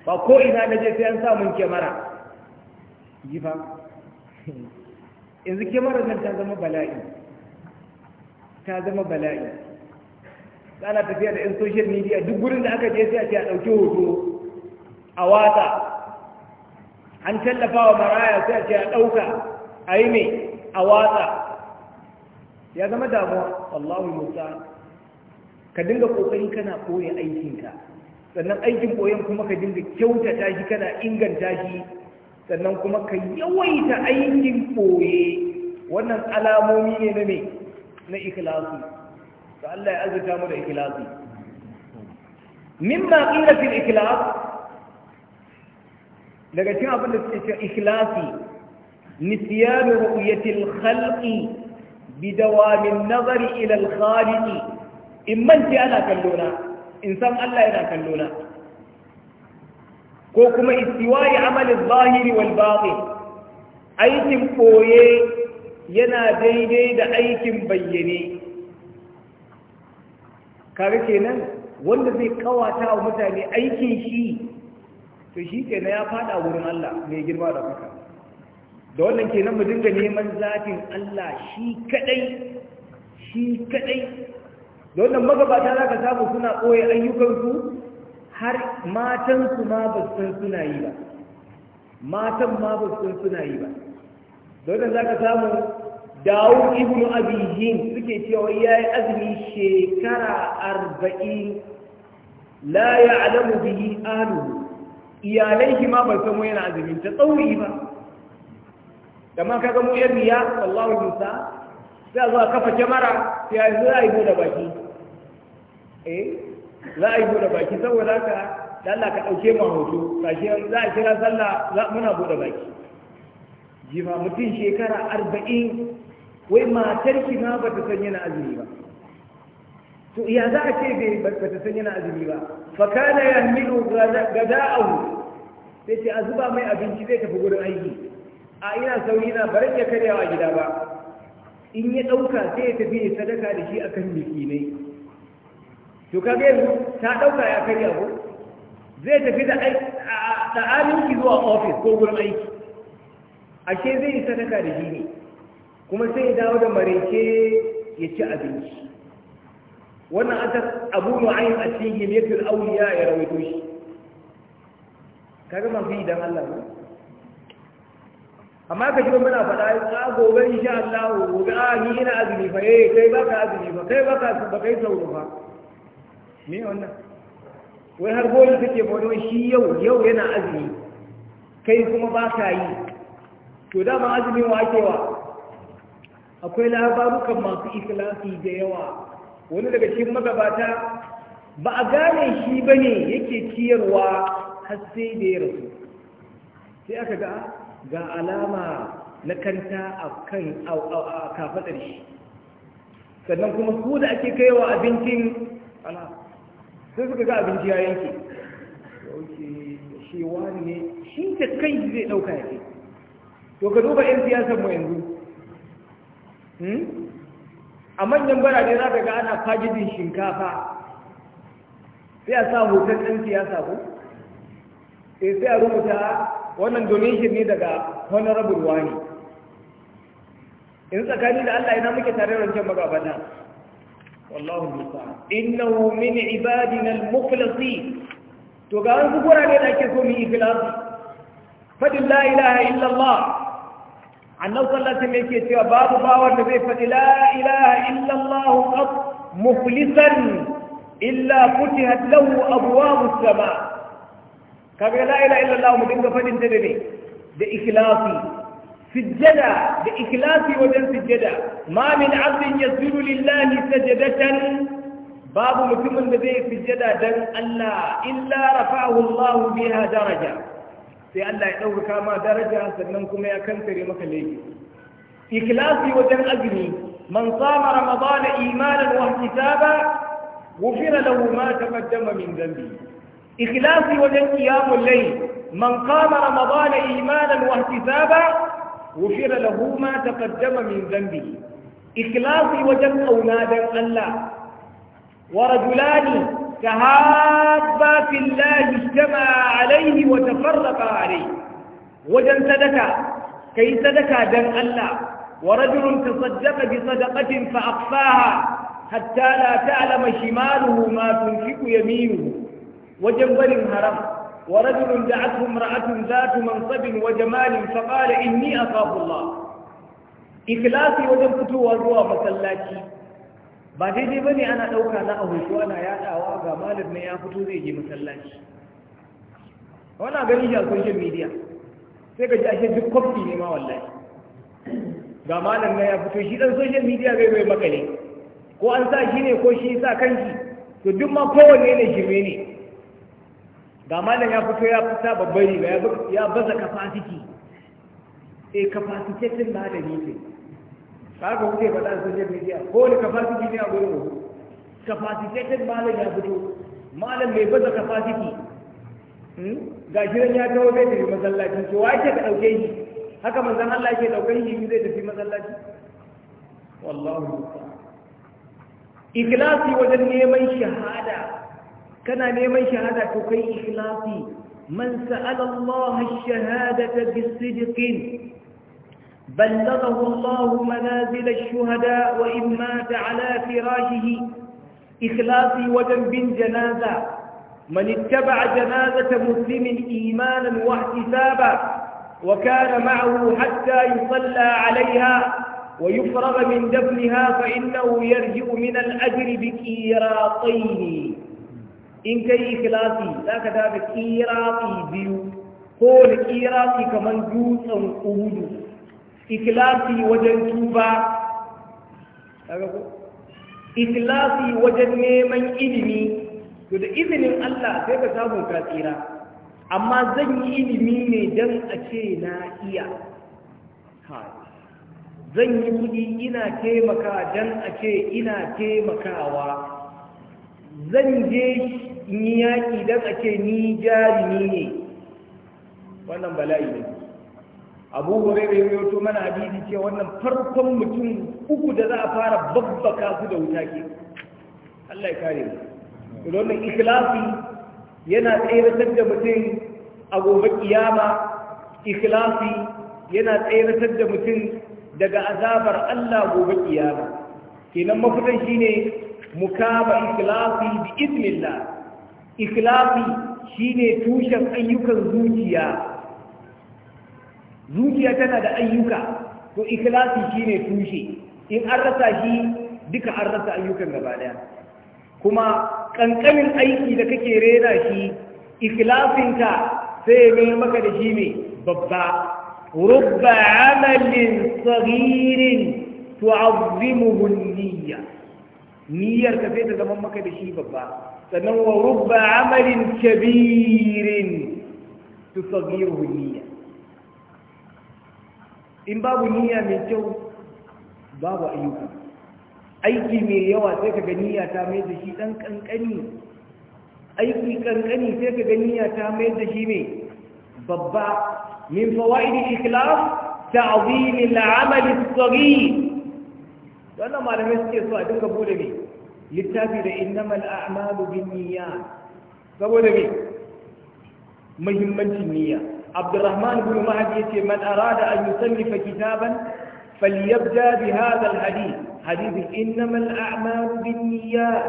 ba ko ina na sai an samun kyamara ji ba [laughs] yanzu kyamara nan ta zama bala'i ta zama bala'i ana tafiya da yan social media duk gurin da aka je sai a ce a ɗauki hoto a watsa an tallafa wa maraya sai a ce a ɗauka a yi mai a watsa ya zama damuwa Allahu Musa ka dinga kokari kana koya aikinka sannan aikin koyon kuma ka dinga kyautata shi kana inganta shi sannan kuma ka yawaita aikin koye wannan alamomi ne na me na ikhlasi to Allah ya azurta mu da ikhlasi mimma qila fil ikhlas daga cikin abin da suke cewa ikhlasi nisyan ru'yatil khalqi bidawam an-nazari ila al khaliqi in manti ana kallona in san Allah yana kallona ko kuma istiwa'i amalin zahiri wal batin aikin koye yana daidai da aikin bayyane kare kenan wanda zai kawata wa mutane aikin shi to shi kenan ya fada wurin Allah mai girma da kuka da wannan kenan mu dinga neman zatin Allah shi kadai shi kadai da wannan magabata za ka samu suna ɓoye ayyukansu har matansu ma ba san suna yi ba matan ma ba san suna yi ba da wannan za ka samu dawo ibnu abihin suke cewa ya yi azumi shekara arba'in la ya alamu bihi ahluhu iyalai shi ma ba san mu yana azumin ta tsauri ba Da ma kaga mu yan miya wallahu musa sai zuwa kafa kyamara sai a zuwa yi da baki eh za a yi buɗe baki saboda haka da Allah ka ɗauke mu hoto kashi za a kira sallah muna buɗe baki jima mutum shekara arba'in wai matar ki ma ba ta san yana azumi ba to ya za a ce bai ba ta san yana azumi ba fa kana yahmilu gada'ahu sai ce a zuba mai abinci zai tafi gurin aiki a ina sauri na barin ya karyawa gida ba in ya ɗauka sai ya tafi ya sadaka da shi akan biki ne to kaga yanzu ta ɗauka ya karya ko zai tafi da ɗa'aminki zuwa ofis ko gurin aiki ashe zai yi sadaka da shi ne kuma sai ya dawo da marece ya ci abinci wannan an aka abu mu'ayin a cikin himiyatul auliya ya rawaito shi kaga mafi idan Allah ne amma ka ji muna faɗa a gobe insha Allah gobe a ah, ni ina azumi fa eh kai baka azumi fa kai baka ba kai sauru fa me wannan wai har goli kake ba shi yau yau yana azumi kai kuma ba ka yi to dama azumin wa ake wa akwai labarukan masu ikhlasi da yawa wani daga cikin magabata ba a gane shi ba ne yake ciyarwa har sai da ya rasu sai aka ga ga alama na kanta a kan kafaɗar shi sannan kuma su da ake kaiwa abincin alama sai suka ga abinci ya yanke shi wani ne shi ta kai zai ɗauka ya to ka duba 'yan siyasar mu yanzu hmm? a manyan barane za ka ga ana fajidin shinkafa sai a sa hoton ɗan siyasa ko sai eh, sai a rubuta wannan donation ne daga honorable wani in tsakani da Allah ina muke tare rancen magabata والله المستعان إنه من عبادنا المخلصين كبر على لأكثر في الارض فد لا إله إلا الله عن نوصل الله سمعك يتوى باب باور نبي فد لا إله إلا الله قط مخلصا إلا فتحت له أبواب السماء كما لا إله إلا الله مدنك فد تدري بإخلاصي في سجدا بإخلاص وجن سجدا ما من عبد يسجد لله سجدة باب مكم المذيء سجدا دن الله إلا رفعه الله بها درجة سي الله يدور كما درجة سننكم يا كنتر مخليك إخلاص وجن أجني من صام رمضان إيمانا واحتسابا غفر له ما تقدم من ذنبه إخلاص وجن قيام الليل من قام رمضان إيمانا واحتسابا غفر له ما تقدم من ذنبه إخلاص وجن أولادا الله ورجلان تهابا في الله اجتمعا عليه وتفرقا عليه وجن صدقة كي صدقة دم الله ورجل تصدق بصدقة فأخفاها حتى لا تعلم شماله ما تنفق يمينه وجن بل هرم ورجل دعته امرأة ذات منصب وجمال فقال إني أخاف الله إخلاصي وجب فتوى زوا مسلاتي ba daidai ba ne ana ɗauka na a hoto ana yaɗawa ga malib na ya fito zai je masallaci wani social media sai ka ji ashe duk kwafi ne ma wallahi ga malam na ya fito shi ɗan social media bai makale ko an sa shi ne ko shi sa kanshi to duk ma kowanne ne shirme ne ga malam ya fito ya fita babbar ba ya baza capacity eh capacitatin malami ce kaga kuke faɗa sun social media ko wani capacity ne a gurin mu ba malam ya fito malam mai baza capacity hmm? ga shirin ya kawo zai tafi masallaci to wa ke ka ɗauke shi haka manzon Allah ke ɗauke shi in zai tafi masallaci wallahu Ikilasi wajen neman shahada kana neman shahada to kai ikhlasi man sa'ala Allah ash بلغه الله منازل الشهداء وإن مات على فراشه إخلاصي وذنب جنازة من اتبع جنازة مسلم إيمانا واحتسابا وكان معه حتى يصلى عليها ويفرغ من دفنها فإنه يرجع من الأجر بكيراطين in kai ikilasi za ka daga kirafi biyu ko da kirafi kamar dutsen ƙudu ikilasi wajen tuba ikilasi wajen neman ilimi to da izinin Allah sai ka samu ka tsira amma zan yi ilimi ne don a ce na iya zan yi kuɗi ina taimaka don a ce ina taimakawa zan je ni yaƙi don a ce ni jarumi ne wannan bala'i ne abu hurairu ya rawaito mana hadisi ce wannan farkon mutum uku da za a fara babbaka su da wuta ke Allah ya kare mu wannan ikhlasi yana tsayar da mutum a gobe kiyama ikhlasi yana tsayar da mutum daga azabar Allah gobe kiyama kenan mafitan shine kama ikilafi bi idnillah ikhlasi shine tushen ayyukan zuciya zuciya tana da ayyuka to ikhlasi shine tushe in an rasa shi duka an rasa ayyukan gaba daya kuma kankanin aiki da kake rera shi ka sai mai maka da shi ne babba rubba amalin tsagirin tu'azzimuhu niyya niyyar ka sai ta zama maka da shi babba فمن رب عمل كبير تصغيره النية إن باب النية من جو باب أيوب أي كمية يوا تلك النية تامد شيء أنك أنك أني أي كأنك أني تلك النية تامد شيء مي بابا من فوائد الإخلاص تعظيم العمل الصغير وأنا ما رمزت يسوع دون قبول littafi da innamal a'malu binniyat saboda me muhimmancin niyya Abdurrahman ibn Mahdi yace man arada an yusannifa kitaban falyabda bi hadha alhadith hadith innamal a'malu binniyat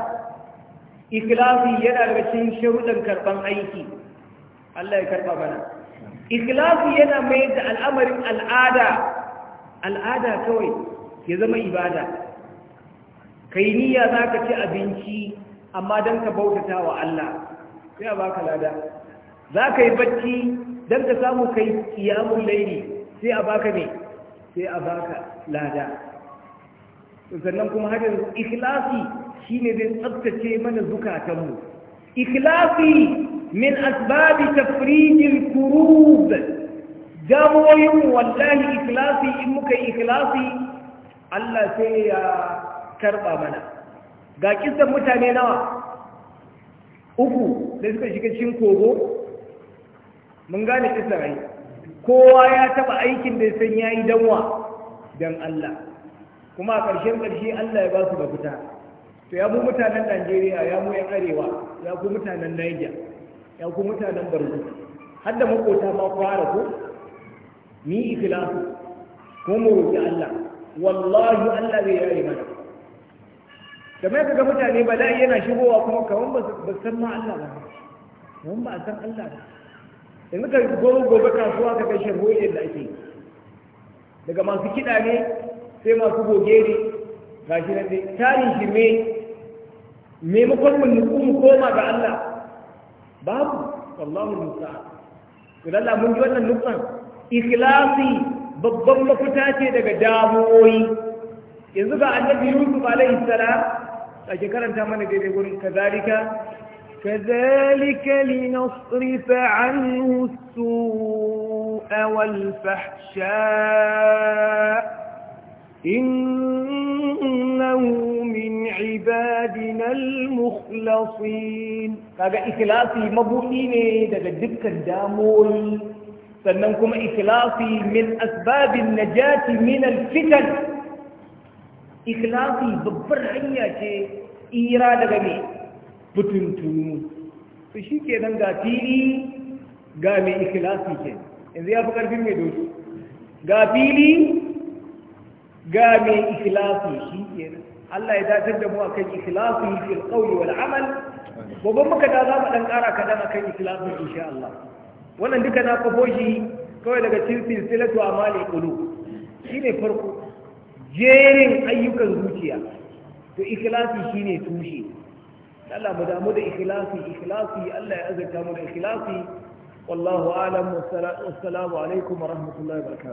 ikhlasi yana daga cikin sharuɗan karban aiki Allah ya karba mana ikhlasi yana mai da al'amarin al'ada al'ada kawai ya zama ibada kai niyya za ka ci abinci amma don ka bautata wa Allah sai a baka lada za ka yi bacci don ka samu kai kiyamun laili sai a baka ne sai a baka lada sannan kuma har ikilasi shi ne zai tsabtace mana zukatanmu Ikilasi min asbabi tafrijil kurub damoyin wallahi ikilasi in muka yi ikilasi? Allah sai ya Karɓa mana ga kisan mutane nawa uku da suka shiga cikin kogo mun gane kisan ai kowa ya taba aikin da san yayi danwa don Allah kuma a ƙarshen ƙarshe Allah ya ba su mafita to ya mu mutanen Najeriya ya mu yan arewa ya ku mutanen Niger ya ku mutanen Borno har da makota ma fara ko ni ikhlasu Kuma mu Allah wallahi Allah zai yare mana da mai ga mutane da yana shigowa kuma kawan ba san ma Allah ba kawan ba san Allah ba yanzu ka gobe gobe kasuwa ka ga sharholin da ake daga masu kiɗa ne sai masu goge ne ga shi nan dai tarin shi me maimakon mu nutsu mu koma ga Allah babu mun sa. to Allah mun ji wannan nutsan ikhlasi babban mafita ce daga damuwoyi yanzu ga annabi Yusuf alaihi salam ake karanta mana daidai يقول كذلك كذلك لنصرف عنه السوء والفحشاء إنه من عبادنا المخلصين هذا إخلاصي مبوئيني هذا دكا دامول سننكم إخلاصي من أسباب النجاة من الفتن ikhlasi babbar hanya ce ira daga me fitintunu su shi ke nan ga fili ga mai ikhlasi ke yanzu ya fi ƙarfin mai doki ga fili ga mai ikhlasi shi ke nan Allah ya dace da mu a kan ikhlasi fil qawli wal amal gobe muka da za mu dan ƙara kaɗan a kan ikhlasi insha Allah wannan duka na kafo shi kawai daga cikin silsilatu amali qulub shine farko jerin ayyukan zuciya to ikhlasi shine tushe Allah mu damu da ikhlasi ikhlasi Allah ya azurta mu da ikhlasi wallahu a'lam wassalamu alaikum wa rahmatullahi wa barakatuh